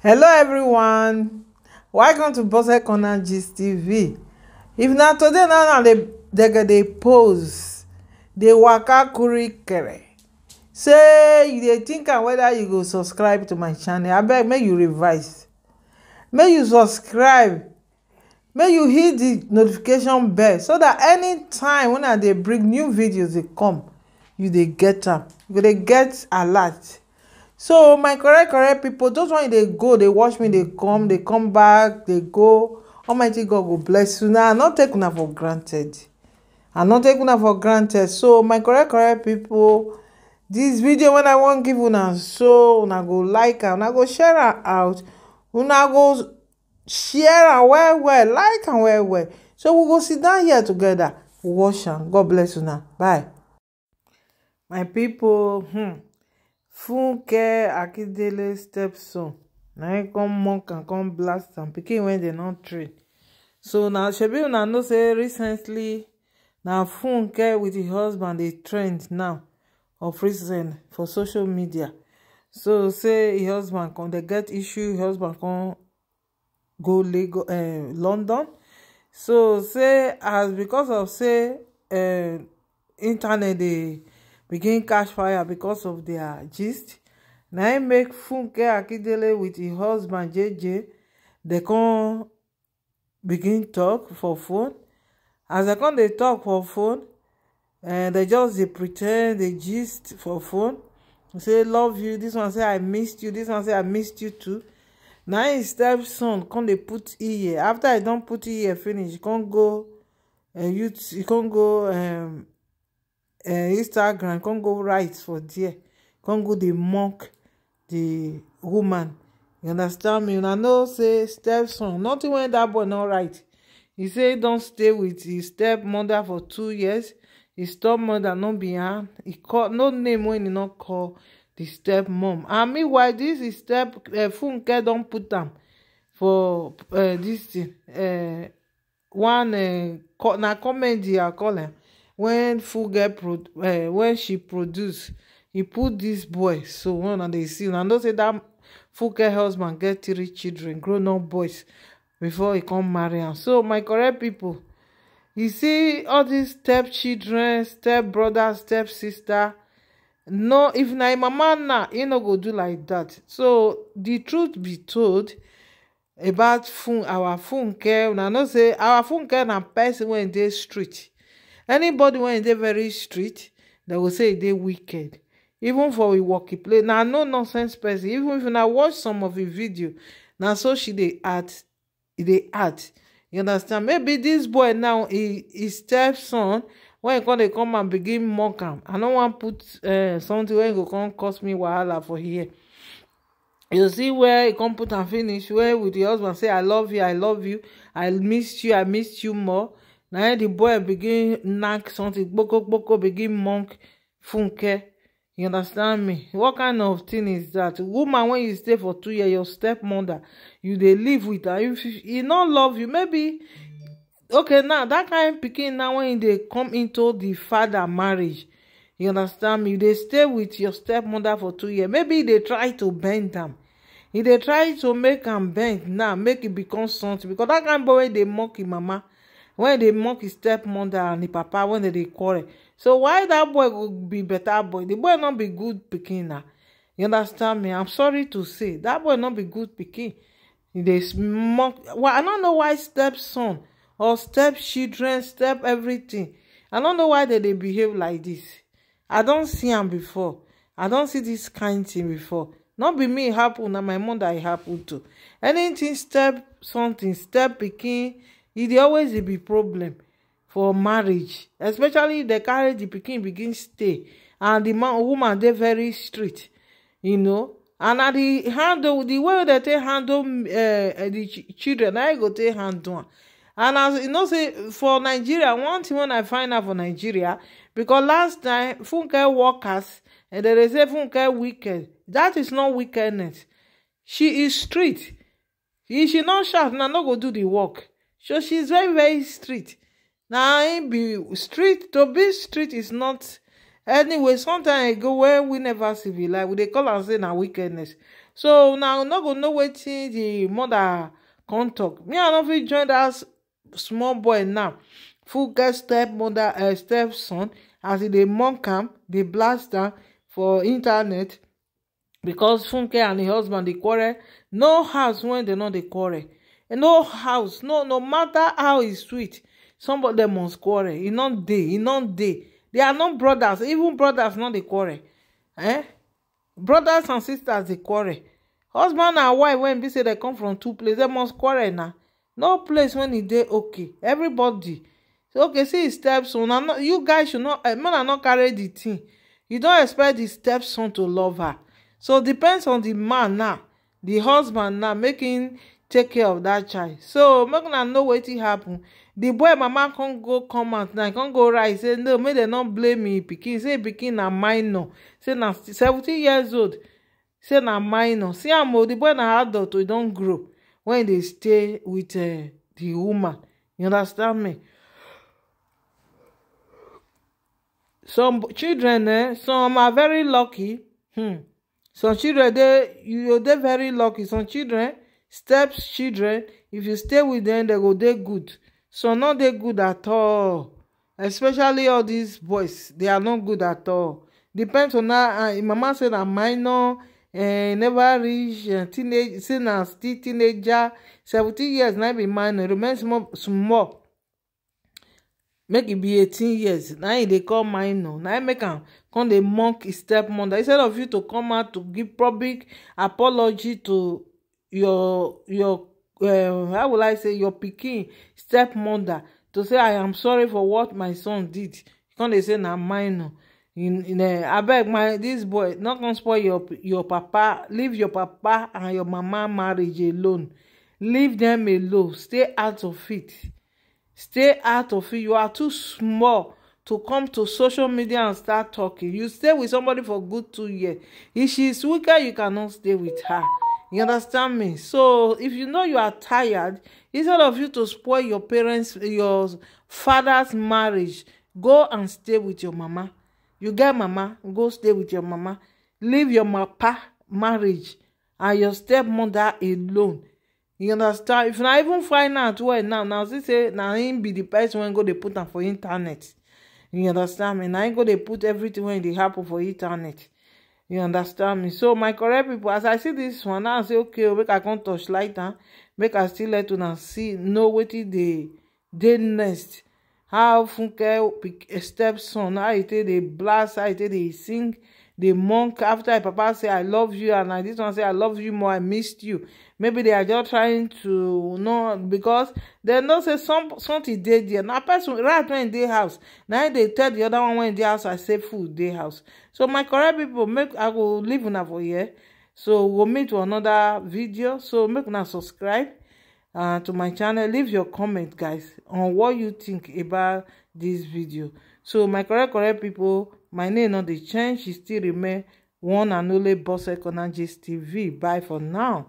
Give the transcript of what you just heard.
hello everyone welcome to bose corner gist tv if na today na na dem go dey pose dey waka kurikere say you dey think am whether you go subscribe to my channel abeg make you revise make you subscribe make you hit the notification bell so dat anytime when i dey bring new videos dey come you dey get am you go dey get alert so my correct correct pipo those one dey go dey watch me dey come dey come back dey go almighty god go bless you una i no take una for granted i no take una for granted so my correct correct people, this video wey i wan give una so una go like am una go share am out una go share am well well like am well well so we go sit down here together, watch am god bless una bye my people. hmm funke akindele stepson na him come Monk and come blast am pikin wey dem no train so na shebi una know say recently na funke with di husband dey trend now of recent for social media so say her husband come dey get issue her husband come go eh, london so say as because of say eh, internet dey begin catch fire because of their gist Now im make funke akindele with his husband jj They can begin talk for phone as I can they talk for phone and they just they pretend they gist for phone say love you This one say i missed you This one say i missed you too Now him stepson can they put here? after I don't put here, finish Can't come go You you can't go um, Eh, instagram come go write for there come go the monk, the woman you understand me una know say stepson nothing wey that boy not right. He say don't stay with his stepmother for two years his stepmother behind. He call no name when he not call di stepmom and meanwhile dis is step eh, funke don't put them for eh, this thing one na comment i call am When wen fuge uh, when she produce he put dis boy so one una dey see and know say that dat fuge husband get three children grown up boys before he come marry him. so my correct people, you see all these step children step brother step sister no if na mama na im no go do like that. so the truth be told about fun our funke una no say our care na person when they street anybody wey dey very strict dem go say e dey wicked even for we work play na no nonsense person even if una watch some of e video na so she dey act e dey act you understand maybe dis boy now e stepson wen e come dey come and begin mock am i no wan put eh, something wey go come cause me wahala for here you see where e come put am finish where with di husband say i love you i love you i miss you i miss you more na the boy begin knack something gboko gboko begin monk funke you understand me what kind of thing is that woman when you stay for two years your stepmother you dey live with her if he no love you maybe okay now that kind pikin now when e dey come into the father marriage you understand me you dey stay with your stepmother for two years maybe e dey try to bend am e dey try to make am bend now make e become something because that kind boy wey dey mock im mama wen dey mock his stepmother and the papa when they they quarrel so why that boy would be better boy The boy not be good picking. na you understand me i'm sorry to say that boy not be good picking. e dey mock i don't know why stepson or step children step everything i don't know why dem they behave like this. i don't see am before i don't see this kind thing before not be me e happen na my mother e happen to anything step something step picking e dey always be problem for marriage especially if dem carry the pikin begin stay and di woman dey very strict you know and na the handle the way dem take handle di eh, children na e go take handle am and as you know say for nigeria one thing wey i find out for nigeria because last time funke workers dem dey say funke wicked that is not wickedness she is strict if she no sharp na no go do the work so she's very very strict Now im be strict to be strict is not anyway sometimes I go where we never see be like we dey call am say na wickedness so now we no go know wetin the mother come talk me i no fit join that small boy now full get step mother uh, eh, step son as e dey mock am dey blast am for internet because funke and im husband dey quarrel no house wen dem no dey quarrel no house no no matter how e sweet somebody dem must quarrel e non dey e non dey they are not brothers even brothers no dey quarrel eh brothers and sisters dey quarrel husband and wife wey e be say dem come from two places, dem must quarrel na no place when e dey okay everybody say okay see steps on you guys should not eh, man no carry the thing you don expect the stepson to love her so depends on the man now the husband now making take care of that child so make na know wetin happen The boy mama can't go come out na can't go write say no make they not blame me pikin say pikin na minor say na 17 years old say na minor see I'm o di boy na adult o oh, don't grow when they stay with eh, the woman you understand me some children eh some are very lucky hmm some children they you dey very lucky some children steps children if you stay with them, they go dey good some no dey good at all especially all these boys they are no good at all depends on how uh, im mama say na minor eh, never reach eh, teenage say na still teenager seventeen years na be minor remain small small. make e be eighteen years na e dey call minor na im make am come dey mock his stepmother instead of you to come out to give public apology to your your um, how will I say your pikin stepmother to say I am sorry for what my son did. You can't dey say na minor. In, in uh, eh, beg my this boy not gonna spoil your your papa. Leave your papa and your mama marriage alone. Leave them alone. Stay out of it. Stay out of it. You are too small to come to social media and start talking. You stay with somebody for good two years. If she is weaker, you cannot stay with her you understand me so if you know you are tired instead of you to spoil your parents your father's marriage go and stay with your mama you get mama go stay with your mama leave your papa marriage and your stepmother alone you understand if not even find out well now now see say now him be the person when go they put am for internet you understand me Now him go they put everything wey dey happen for internet you understand me so my correct people. as i see this one now i say okay oh, make i come touch light am make i still let now see know wetin dey dey nest. how funke stepson how e take dey blast how e take dey sing the monk after her papa say i love you and i this one say i love you more i missed you maybe they are just trying to know because dem know say some something dey there na person right when dey house na im dey tell the other one when dey house i say food dey house so my correct people make i go leave una for here so we'll meet for another video so make una subscribe uh, to my channel leave your comment guys on what you think about this video so my correct correct people my name not dey change e still remain one and only Boss corner tv bye for now